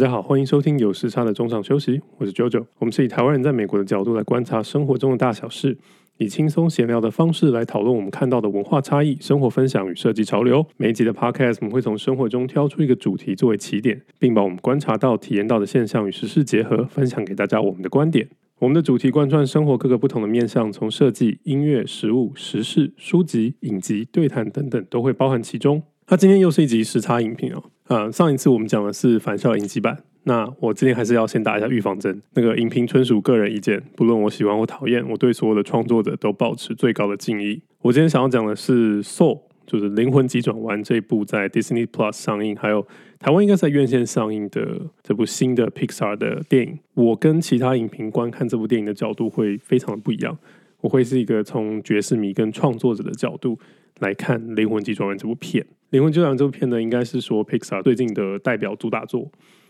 大家好，歡迎收聽有時差的中場休息，我是 JoJo。我們是以台灣人在美國的角度來觀察生活中的大小事，以輕鬆閒聊的方式來討論我們看到的文化差異、生活分享與設計潮流。每一集的 Podcast，我們會從生活中挑出一個主題作為起點，並把我們觀察到、體驗到的現象與時事結合，分享給大家我們的觀點。我們的主題貫穿生活各個不同的面向，從設計、音樂、食物、時事、書籍、影集、對談等等，都會包含其中。那、啊、今天又是一集時差影評哦。嗯、啊，上一次我們講的是《返校影集版》，那我今天還是要先打一下預防針。那個影評純屬個人意見，不論我喜歡或討厭，我對所有的創作者都保持最高的敬意。我今天想要講的是《Soul》，就是《靈魂急轉彎》這部在 Disney Plus 上映，還有台灣應該在院線上映的這部新的 Pixar 的電影。我跟其他影評觀看這部電影的角度會非常的不一樣，我會是一個從爵士迷跟創作者的角度來看《靈魂急轉彎》這部片。《靈魂急轉彎》這部片呢，應該是說 Pixar 最近的代表主打作，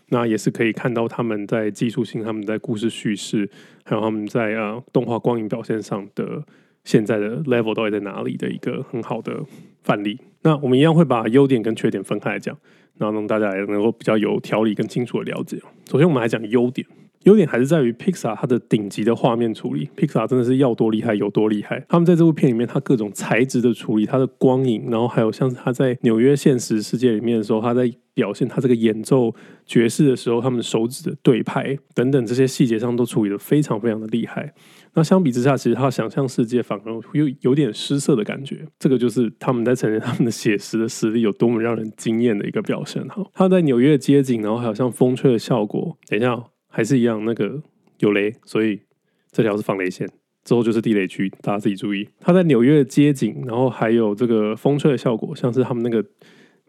那也是可以看到他們在技術性、他們在故事敘事，還有他們在啊、呃、動畫光影表現上的現在的 level 到底在哪裡的一個很好的範例。那我們一樣會把優點跟缺點分開來講，然後讓大家也能夠比較有條理、跟清楚的了解。首先，我們來講優點。優點還是在於 Pixar 它的頂級的畫面處理，Pixar 真的是要多厲害有多厲害。他們在這部片裡面，它各種材質的處理，它的光影，然後還有像他在紐約現實世界裡面的時候，他在表現他這個演奏爵士的時候，他們手指的對拍等等這些細節上都處理的非常非常的厲害。那相比之下，其實他想象世界反而有，有點失色的感覺。這個就是他們在呈現他們的寫實的實力有多麼讓人驚豔的一個表現。哈，他在紐約街景，然後還有像風吹的效果，等一下。還是一樣，那個有雷，所以這條是防雷線。之後就是地雷區，大家自己注意。他在紐約的街景，然後還有這個風吹的效果，像是他們那個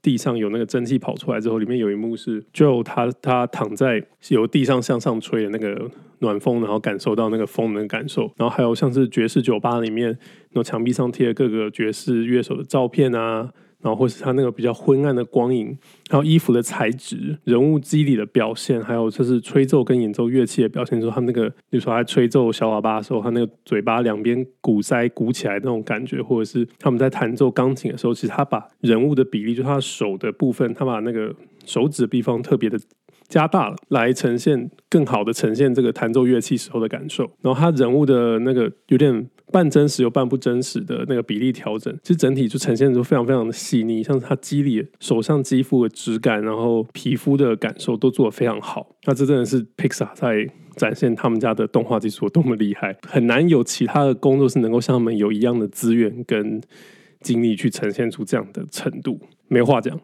地上有那個蒸汽跑出來之後，裡面有一幕是就他他躺在由地上向上吹的那個暖風，然後感受到那個風的感受。然後還有像是爵士酒吧裡面，那牆壁上貼各個爵士樂手的照片啊。然後或是他那個比較昏暗的光影，然後衣服的材質、人物肌理的表現，還有就是吹奏跟演奏樂器的表現。就是他那個，比如說他吹奏小喇叭的時候，他那個嘴巴兩邊鼓腮鼓起來的那種感覺，或者是他們在彈奏鋼琴的時候，其實他把人物的比例，就他手的部分，他把那個手指的地方特別的加大了，來呈現更好的呈現這個彈奏樂器時候的感受。然後他人物的那個有點半真實又半不真實的那個比例調整，其實整體就呈現出非常非常的細膩，像是它肌理、手上肌膚的質感，然後皮膚的感受都做得非常好。那這真的是 Pixar 在展現他們家的動畫技術有多麼厲害，很難有其他的工作室能夠像他們有一樣的資源跟精力去呈現出這樣的程度，沒話講，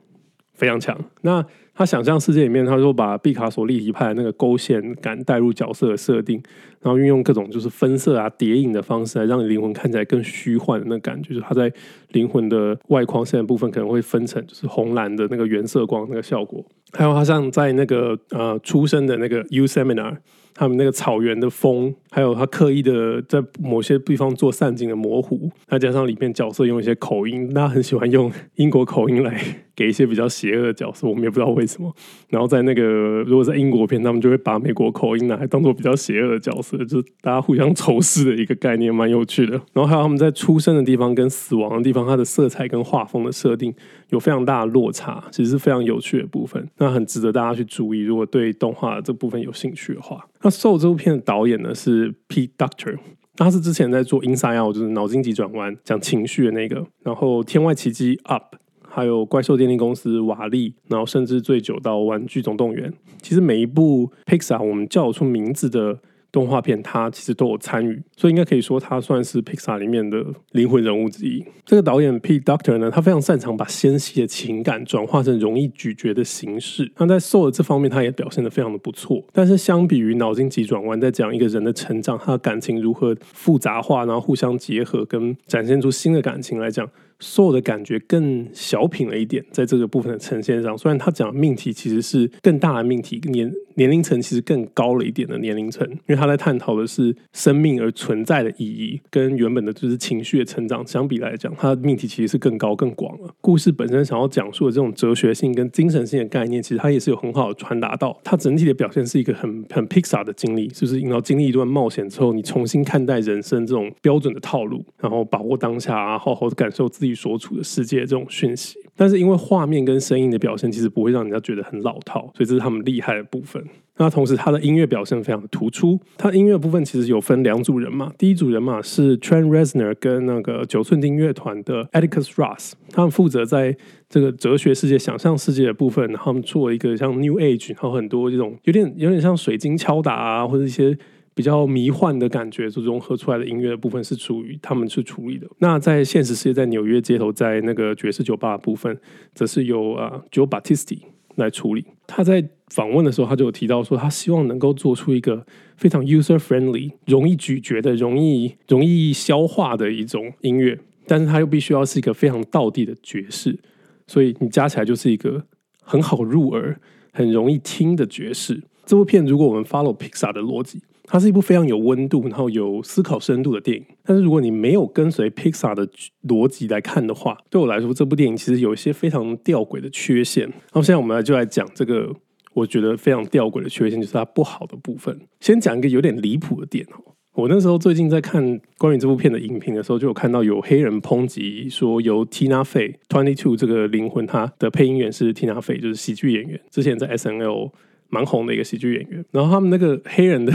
非常強。那。他想象世界裡面，他說把畢卡索立體派的那個勾線感帶入角色的設定，然後運用各種就是分色啊、疊影的方式來讓你靈魂看起來更虛幻的那感覺。就是他在靈魂的外框線的部分可能會分成就是紅藍的那個原色光那個效果。還有他像在那個呃出生的那個 U Seminar，他們那個草原的風，還有他刻意的在某些地方做散景的模糊，再加上裡面角色用一些口音，他很喜歡用英國口音來。給一些比較邪惡的角色，我們也不知道為什麼。然後在那個，如果在英國片，他們就會把美國口音呢，還當做比較邪惡的角色，就是大家互相仇視的一個概念，蠻有趣的。然後還有他們在出生的地方跟死亡的地方，它的色彩跟畫風的設定有非常大的落差，其實是非常有趣的部分，那很值得大家去注意。如果對動畫的這部分有興趣的話，那 Soul 這部片的導演呢是 Pete Doctor，他是之前在做 Inside Out，就是腦筋急轉彎講情緒的那個，然後天外奇蹟 Up。還有怪獸電力公司、瓦力，然後甚至最久到玩具總動員。其實每一部 Pixar 我們叫得出名字的動畫片，它其實都有參與，所以應該可以說它算是 Pixar 裡面的靈魂人物之一。這個導演 Pete Docter 呢，他非常擅長把纖細的情感轉化成容易咀嚼的形式。那在《Soul》的這方面，他也表現得非常的不錯。但是相比於腦筋急轉彎，在講一個人的成長，他的感情如何複雜化，然後互相結合，跟展現出新的感情來講。所有的感覺更小品了一點，在這個部分的呈現上，雖然他講命題其實是更大的命題，年年齡層其實更高了一點的年齡層，因為他在探討的是生命而存在的意義，跟原本的就是情緒的成長相比來講，他的命題其實是更高更廣了。故事本身想要講述的這種哲學性跟精神性的概念，其實他也是有很好的傳達到。他整體的表現是一個很很 Pixar 的經歷，就是引導經歷一段冒險之後，你重新看待人生這種標準的套路，然後把握當下啊，好好感受自己。所處的世界的這種訊息，但是因為畫面跟聲音的表現，其實不會讓人家覺得很老套，所以這是他們厲害的部分。那同時，他的音樂表現非常的突出。他的音樂部分其實有分兩組人嘛，第一組人馬是 Trent Reznor 跟那個九寸釘樂團的 Atticus Ross，他們負責在這個哲學世界、想象世界的部分，他們做一個像 New Age，然後很多這種有點有點像水晶敲打啊，或者一些。比較迷幻的感覺，所融合出來的音樂的部分是屬於他們去處理的。那在現實世界，在紐約街頭，在那個爵士酒吧的部分，則是由啊、uh, Joe Batiste 來處理。他在訪問的時候，他就有提到說，他希望能夠做出一個非常 user friendly、容易咀嚼的、容易容易消化的一種音樂，但是他又必須要是一個非常道地的爵士，所以你加起來就是一個很好入耳、很容易聽的爵士。這部片，如果我們 follow Pixar 的邏輯。它是一部非常有溫度，然後有思考深度的電影。但是如果你沒有跟隨 Pixar 的邏輯來看的話，對我來說這部電影其實有一些非常吊詭的缺陷。然後現在我們來就來講這個我覺得非常吊詭的缺陷，就是它不好的部分。先講一個有點離譜的點。我那時候最近在看關於這部片的影評的時候，就有看到有黑人抨擊說，由 Tina Fey 22這個靈魂，它的配音員是 Tina Fey，就是喜劇演員，之前在 SNL 蠻紅的一個喜劇演員。然後他們那個黑人的。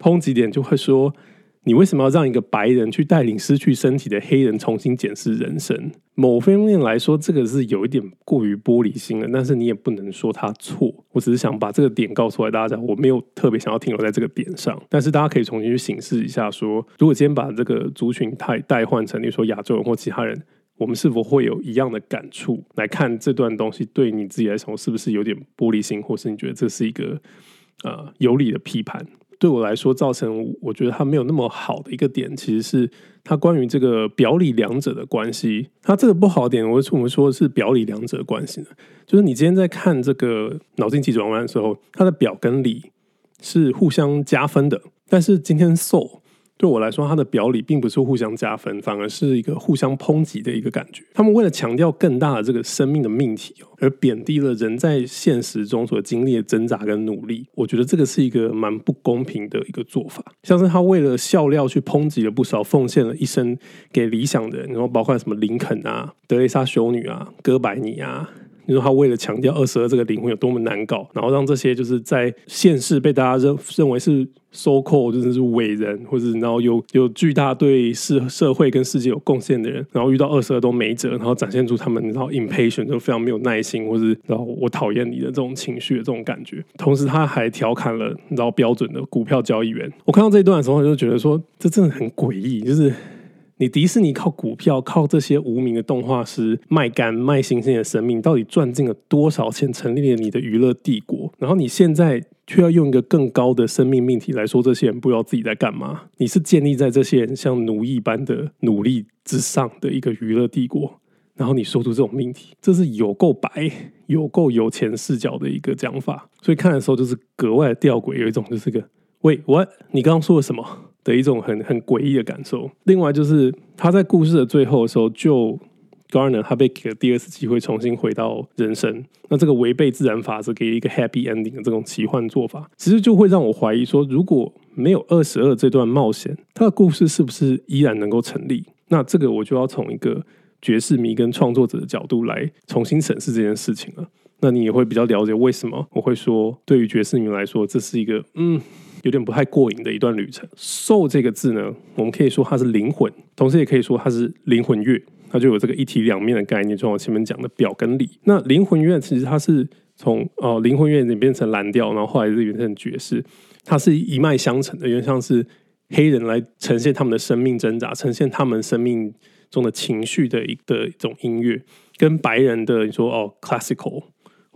抨擊點就會說，你為什麼要讓一個白人去帶領失去身體的黑人重新檢視人生？某方面來說，這個是有一點過於玻璃心了。但是你也不能說他錯。我只是想把這個點告訴大家，我沒有特別想要停留在這個點上。但是大家可以重新去審視一下說，說如果今天把這個族群代代換成，你說亞洲人或其他人，我們是否會有一樣的感觸？來看這段東西對你自己來說是不是有點玻璃心，或是你覺得這是一個呃有理的批判？對我來說，造成我覺得它沒有那麼好的一個點，其實是它關於這個表裡兩者的關係。它這個不好點，我我們說是表裡兩者的關係。就是你今天在看這個腦筋急轉彎的時候，它的表跟裡是互相加分的，但是今天 Soul 對我來說，他的表裡並不是互相加分，反而是一個互相抨擊的一個感覺。他們為了強調更大的這個生命的命題，而貶低了人在現實中所經歷的掙扎跟努力。我覺得這個是一個蠻不公平的一個做法。像是他為了笑料去抨擊了不少奉獻了一生給理想的人，然後包括什麼林肯啊、德雷莎修女啊、哥白尼啊。你、就是、說他為了強調二十二這個靈魂有多麼難搞，然後讓這些就是在現世被大家認認為是 so-called，就是是偉人，或者然後有有巨大對社會跟世界有貢獻的人，然後遇到二十二都沒轍，然後展現出他們然後 impatient 就非常沒有耐心，或者然後我討厭你的這種情緒的這種感覺。同時他還調侃了然後標準的股票交易員。我看到這一段的時候，我就覺得說，這真的很詭異，就是。你迪士尼靠股票，靠這些無名的動畫師賣肝賣新鮮的生命，到底賺進了多少錢？成立了你的娛樂帝國，然後你現在卻要用一個更高的生命命題來說，這些人不知道自己在幹嘛？你是建立在這些人像奴隸般的努力之上的一個娛樂帝國，然後你說出這種命題，這是有夠白、有夠有錢視角的一個講法，所以看的時候就是格外的弔詭，有一種就是個 wait, what? 你剛剛說了什麼？的一種很很詭異的感受。另外就是他在故事的最後的時候，就 Gardner 他被給了第二次機會，重新回到人生。那這個違背自然法則，給一個 happy ending 的這種奇幻做法，其實就會讓我懷疑說，如果沒有二十二這段冒險，他的故事是不是依然能夠成立？那這個我就要從一個爵士迷跟創作者的角度來重新審視這件事情了。那你也會比較了解為什麼我會說，對於爵士迷來說，這是一個嗯。有點不太過癮的一段旅程。Soul 這個字呢，我們可以說它是靈魂，同時也可以說它是靈魂樂，它就有這個一體兩面的概念，就像我前面講的表跟裡。那靈魂樂其實它是從哦靈魂樂演變成藍調，然後後來又變成爵士，它是一脈相承的，因為像是黑人來呈現他們的生命掙扎，呈現他們生命中的情緒的一個一種音樂，跟白人的你說哦 classical。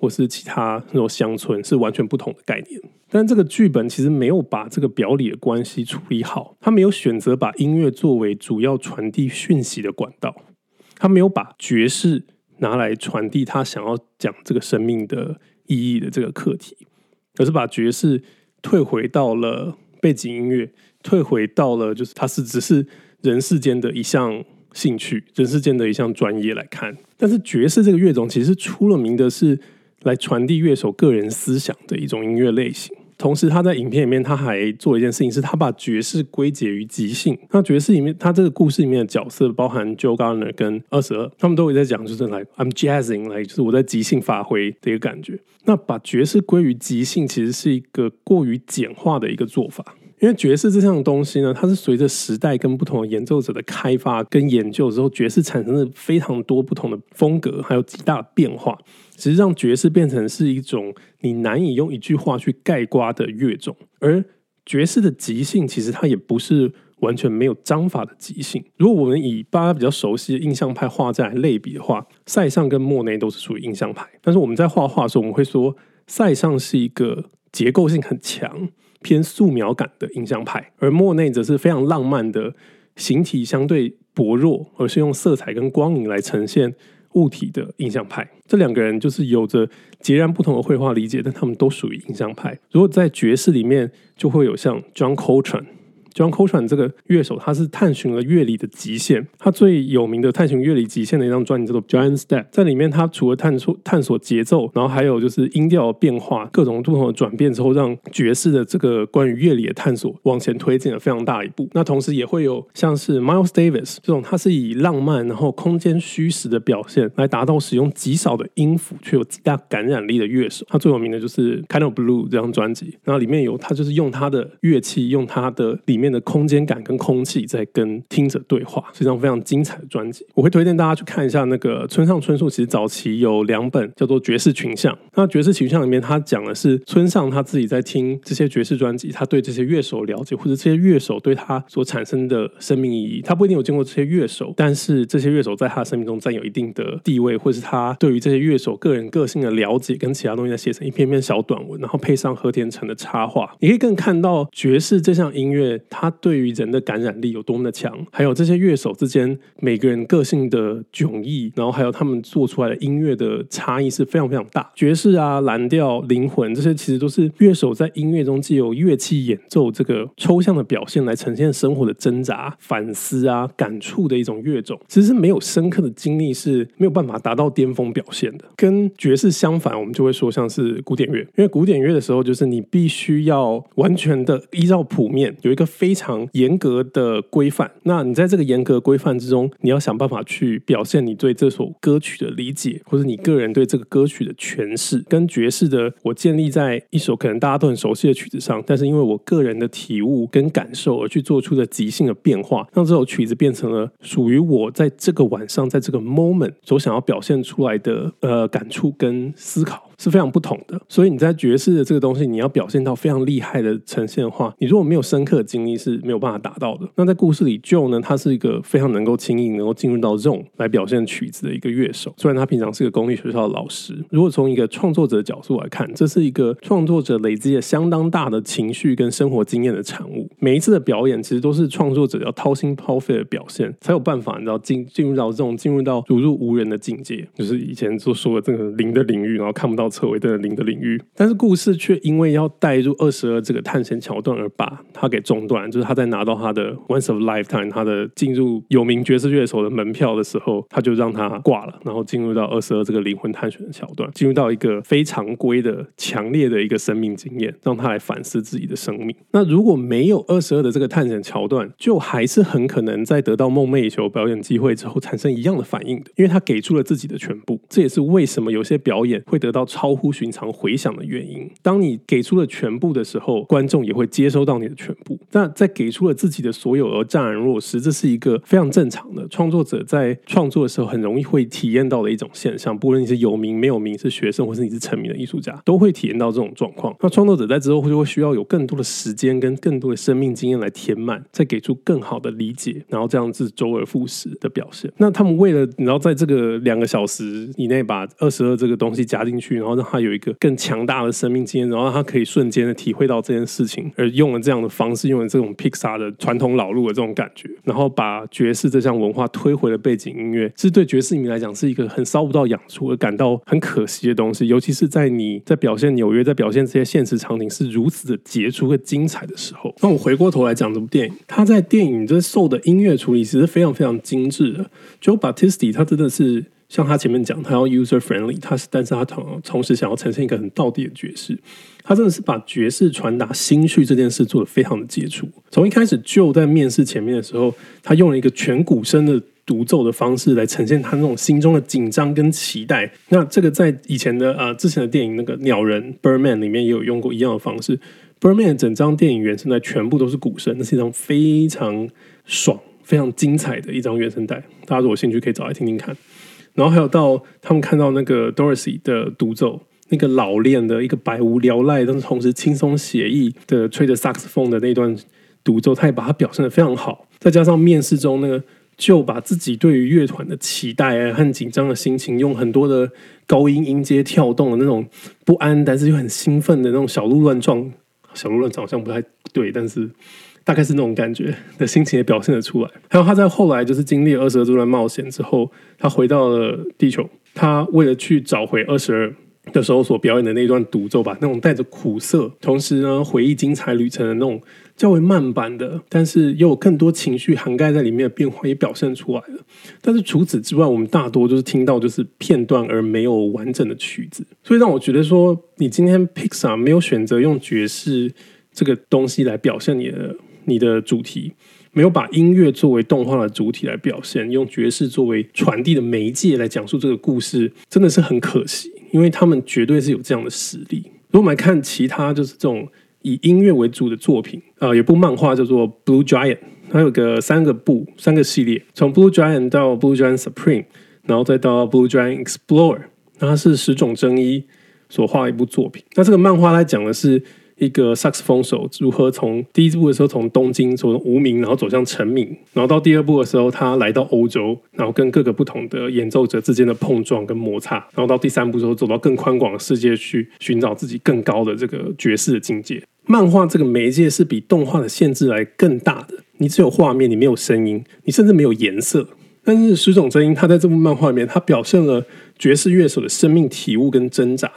或是其他那種鄉村是完全不同的概念，但這個劇本其實沒有把這個表裡的關係處理好，他沒有選擇把音樂作為主要傳遞訊息的管道，他沒有把爵士拿來傳遞他想要講這個生命的意義的這個課題，而是把爵士退回到了背景音樂，退回到了就是它是只是人世間的一項興趣，人世間的一項專業來看。但是爵士這個樂種其實出了名的是。來傳遞樂手個人思想的一種音樂類型。同時，他在影片裡面他還做一件事情，是他把爵士歸結於即興。那爵士裡面，他這個故事裡面的角色包含 Joe Gardner 跟二十二，他們都會在講，就是來、like, I'm jazzing，來、like, 就是我在即興發揮的一個感覺。那把爵士歸於即興，其實是一個過於簡化的一個做法。因為爵士這項東西呢，它是隨着時代跟不同的演奏者的開發跟研究之後，爵士產生了非常多不同的風格，還有極大的變化。其實讓爵士變成是一種你難以用一句話去概括的樂種。而爵士的即興，其實它也不是完全沒有章法的即興。如果我們以大家比較熟悉的印象派畫家來類比的話，塞尚跟莫內都是屬於印象派。但是我們在畫畫的時候，我們會說塞尚是一個結構性很強。偏素描感的印象派，而莫內則是非常浪漫的，形體相對薄弱，而是用色彩跟光影來呈現物體的印象派。這兩個人就是有着截然不同的繪畫理解，但他們都屬於印象派。如果在爵士裡面，就會有像 John Coltrane，就像 John Coltrane 這個樂手，他是探尋了樂理的極限。他最有名的探尋樂理極限的一張專輯叫做《Giant Step》。在裡面，他除了探索探索節奏，然後還有就是音調的變化、各種不同的轉變之後，讓爵士的這個關於樂理的探索往前推進了非常大一步。那同時也會有像是 Miles Davis 這種，他是以浪漫然後空間虛實的表現來達到使用極少的音符卻有極大感染力的樂手。他最有名的就是《Kind of Blue》這張專輯，然後裡面有他就是用他的樂器，用他的裡面面的空間感跟空氣在跟聽者對話，是一張非常精彩的專輯。我會推薦大家去看一下那個村上春樹。其實早期有兩本叫做《爵士群像》，那《爵士群像》裡面他講的是村上他自己在聽這些爵士專輯，他對這些樂手了解，或者這些樂手對他所產生的生命意義。他不一定有見過這些樂手，但是這些樂手在他的生命中占有一定的地位，或者是他對於這些樂手個人個性的了解，跟其他東西在寫成一篇篇小短文，然後配上和田誠的插畫，你可以更看到爵士這項音樂。他對於人的感染力有多麼的強，還有這些樂手之間每個人個性的迥異，然後還有他們做出來的音樂的差異是非常非常大。爵士啊、藍調、靈魂這些其實都是樂手在音樂中，藉由樂器演奏這個抽象的表現，來呈現生活的掙扎、反思啊、感觸的一種樂種。其實沒有深刻的經歷是沒有辦法達到巔峰表現的。跟爵士相反，我們就會說像是古典樂，因為古典樂的時候，就是你必須要完全的依照譜面，有一個非非常嚴格的規範，那你在這個嚴格規範之中，你要想辦法去表現你對這首歌曲的理解，或者你個人對這個歌曲的詮釋。跟爵士的，我建立在一首可能大家都很熟悉的曲子上，但是因為我個人的體悟跟感受而去做出的即興的變化，讓這首曲子變成了屬於我在這個晚上、在這個 moment 所想要表現出來的呃感觸跟思考。是非常不同的，所以你在爵士的這個東西，你要表現到非常厲害的呈現的話，你如果沒有深刻的經歷是沒有辦法達到的。那在故事裡，Joe 呢，他是一個非常能夠輕易能夠進入到這種來表現曲子的一個樂手，雖然他平常是個公立學校的老師。如果從一個創作者的角度來看，這是一個創作者累積了相當大的情緒跟生活經驗的產物。每一次的表演，其實都是創作者要掏心掏肺的表現，才有辦法你知道進進入到這種進入到如入無人的境界，就是以前就說的這個零的領域，然後看不到。側為的另的領域，但是故事卻因為要帶入二十二這個探險橋段而把他給中斷。就是他在拿到他的 once of lifetime，他的進入有名爵士樂手的門票的時候，他就讓他掛了，然後進入到二十二這個靈魂探險的橋段，進入到一個非常規的、強烈的一個生命經驗，讓他來反思自己的生命。那如果沒有二十二的這個探險橋段，就還是很可能在得到夢寐以求表演機會之後產生一樣的反應的，因為他給出了自己的全部。這也是為什麼有些表演會得到。超乎尋常迴響的原因。當你給出了全部的時候，觀眾也會接收到你的全部。那在給出了自己的所有而悵然若失，這是一個非常正常的創作者在創作的時候很容易會體驗到的一種現象。不論你是有名沒有名，是學生或是你是成名的藝術家，都會體驗到這種狀況。那創作者在之後就會需要有更多的時間跟更多的生命經驗來填滿，再給出更好的理解，然後這樣子周而復始的表現。那他們為了你要在這個兩個小時以內把二十二這個東西加進去。然後讓他有一個更強大的生命經驗，然後讓他可以瞬間的體會到這件事情，而用了這樣的方式，用了這種 Pixar 的傳統老路的這種感覺，然後把爵士這項文化推回了背景音樂，這對爵士迷來講是一個很搔不到癢處而感到很可惜的東西，尤其是在你在表現紐約，在表現這些現實場景是如此的傑出和精彩的時候。那我回過頭來講這部電影，他在電影這受的音樂處理其實非常非常精致的，Jon Batiste 他真的是。像他前面講，他要 user friendly，他是但是他同同時想要呈現一個很道地的爵士，他真的是把爵士傳達心緒這件事做得非常的傑出。從一開始就在面試前面的時候，他用了一個全鼓聲的獨奏的方式來呈現他那種心中的緊張跟期待。那這個在以前的呃之前的電影那個鳥人 Birdman 裡面也有用過一樣的方式。Birdman 整張電影原聲帶全部都是鼓聲，那是一張非常爽、非常精彩的一張原聲帶。大家如果有興趣，可以找來聽聽看。然後還有到他們看到那個 Dorothea 的獨奏，那個老練的一個百無聊賴，但是同時輕鬆寫意的吹着 saxophone 的那段獨奏，他也把它表現得非常好。再加上面試中那個就把自己對於樂團的期待和很緊張的心情，用很多的高音音階跳動的那種不安，但是又很興奮的那種小鹿亂撞，小鹿亂撞好像不太對，但是。大概是那種感覺的心情也表現了出來。還有他在後來就是經歷了二十二這段冒險之後，他回到了地球。他為了去找回二十二的時候所表演的那一段獨奏吧，那種帶着苦澀，同時呢回憶精彩旅程的那種較為慢板的，但是又有更多情緒涵蓋在裡面的變化也表現出來了。但是除此之外，我們大多就是聽到就是片段而沒有完整的曲子，所以讓我覺得說，你今天 Pixar 沒有選擇用爵士這個東西來表現你的。你的主題沒有把音樂作為動畫的主體來表現，用爵士作為傳遞的媒介來講述這個故事，真的是很可惜。因為他們絕對是有這樣的實力。如果我們來看其他就是這種以音樂為主的作品啊，有、呃、部漫畫叫做《Blue Giant》，它有個三個部三個系列，從《Blue Giant》到《Blue Giant Supreme》，然後再到《Blue Giant Explorer》，它是石塚真一所畫的一部作品。那這個漫畫它講的是。一個薩克斯風手如何從第一部的時候從東京從無名然後走向成名，然後到第二部的時候他來到歐洲，然後跟各個不同的演奏者之間的碰撞跟摩擦，然後到第三部的時候走到更寬廣的世界去尋找自己更高的這個爵士的境界。漫畫這個媒介是比動畫的限制來更大的，你只有畫面，你沒有聲音，你甚至沒有顏色。但是石塚真一他在這部漫畫裡面，他表現了爵士樂手的生命體悟跟掙扎，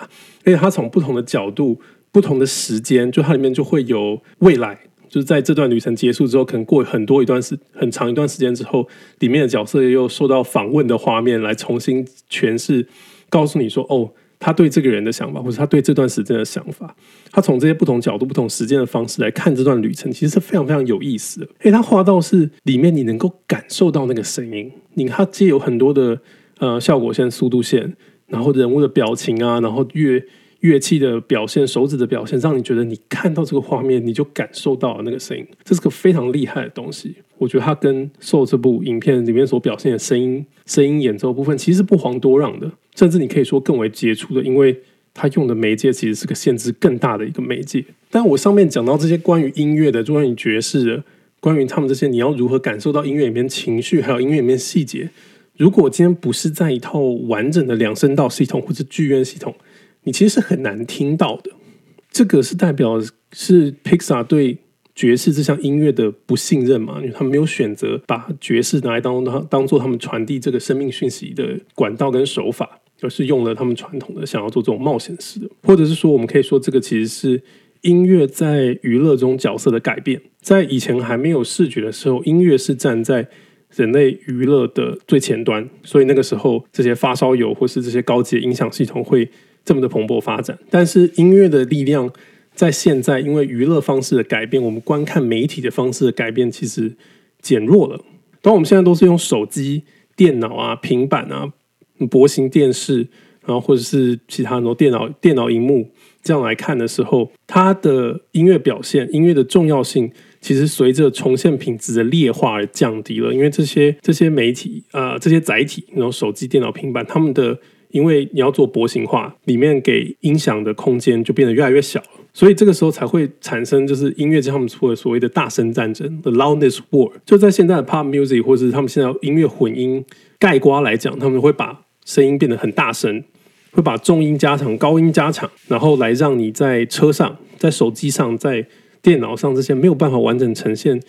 而且他從不同的角度。不同的時間，就它裡面就會有未來，就是在這段旅程結束之後，可能過很多一段時很長一段時間之後，裡面的角色又受到訪問的畫面來重新詮釋，告訴你說哦，他對這個人的想法，或者他對這段時間的想法，他從這些不同角度、不同時間的方式來看這段旅程，其實是非常非常有意思的。哎，他畫到是裡面你能夠感受到那個聲音，你看他藉由很多的呃效果線、速度線，然後人物的表情啊，然後越。樂器的表現、手指的表現，讓你覺得你看到這個畫面，你就感受到了那個聲音。這是個非常厲害的東西。我覺得它跟 Soul 這部影片裡面所表現的聲音、聲音演奏部分，其實是不遑多讓的，甚至你可以說更為傑出的，因為它用的媒介其實是個限制更大的一個媒介。但我上面講到這些關於音樂的，關於爵士的，關於他們這些，你要如何感受到音樂裡面情緒，還有音樂裡面細節？如果今天不是在一套完整的兩聲道系統或者是劇院系統，你其實是很難聽到的，這個是代表是 Pixar 對爵士這項音樂的不信任嘛？因為他們沒有選擇把爵士拿來當它當做他們傳遞這個生命訊息的管道跟手法，而是用了他們傳統的想要做這種冒險式的，或者是說我們可以說這個其實是音樂在娛樂中角色的改變。在以前還沒有視覺的時候，音樂是站在人類娛樂的最前端，所以那個時候這些發燒友或是這些高級的音響系統會這麼的蓬勃發展，但是音樂的力量在現在，因為娛樂方式的改變，我們觀看媒體的方式的改變，其實減弱了。當我們現在都是用手機、電腦啊、平板啊、薄型電視，然後或者是其他很多電腦、電腦熒幕這樣來看的時候，它的音樂表現、音樂的重要性，其實隨着重現品質的劣化而降低了。因為這些這些媒體啊、呃，這些載體，然後手機、電腦、平板，他們的。因為你要做薄型化，裡面給音響的空間就變得越來越小。所以這個時候才會產生就是音樂家們出的所謂的大聲戰爭 （The Loudness War）。就在現在的 pop music 或者是他們現在音樂混音概括來講，他們會把聲音變得很大聲，會把重音加強、高音加強，然後來讓你在車上、在手機上、在電腦上這些沒有辦法完整呈現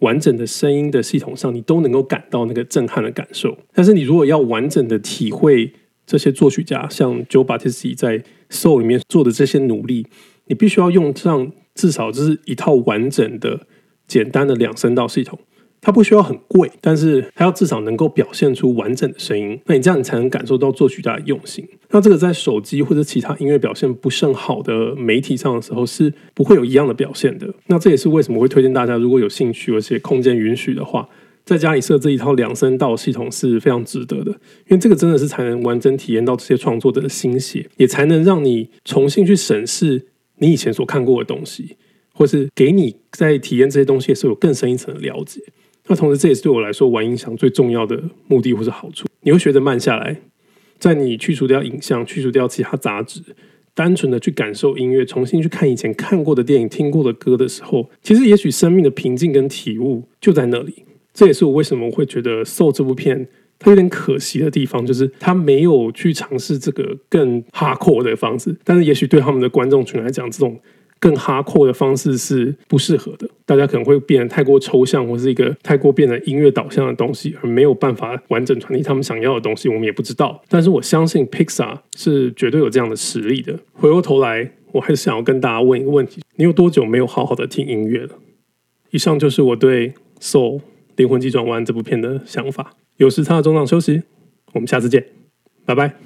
完整的聲音的系統上，你都能夠感到那個震撼的感受。但是你如果要完整的體會，這些作曲家，像 Jon Batiste 在 Soul 裡面做的這些努力，你必須要用上至少就是一套完整的、簡單的兩聲道系統。它不需要很貴，但是它要至少能夠表現出完整的聲音。那你這樣，你才能感受到作曲家的用心。那這個在手機或者其他音樂表現不甚好的媒體上的時候，是不會有一樣的表現的。那這也是為什麼會推薦大家，如果有興趣而且空間允許的話。在家裡設置一套兩聲道系統是非常值得的，因為這個真的是才能完整體驗到這些創作者的心血，也才能讓你重新去審視你以前所看過的東西，或是給你在體驗這些東西的時候有更深一層的了解。那同時，這也是對我來說玩音響最重要的目的或是好處。你會學着慢下來，在你去除掉影像、去除掉其他雜質，單純的去感受音樂，重新去看以前看過的電影、聽過的歌的時候，其實也許生命的平靜跟體悟就在那裡。這也是我為什麼會覺得《Soul》這部片它有點可惜的地方，就是它沒有去嘗試這個更 hardcore 的方式。但是，也許對他們的觀眾群來講，這種更 hardcore 的方式是不適合的。大家可能會變得太過抽象，或是一個太過變得音樂導向的東西，而沒有辦法完整傳遞他們想要的東西。我們也不知道。但是，我相信 Pixar 是絕對有這樣的實力的。回過頭來，我還是想要跟大家問一個問題：你有多久沒有好好的聽音樂了？以上就是我對《Soul》。靈魂急轉彎這部片的想法。有時差的中場休息，我們下次見，拜拜。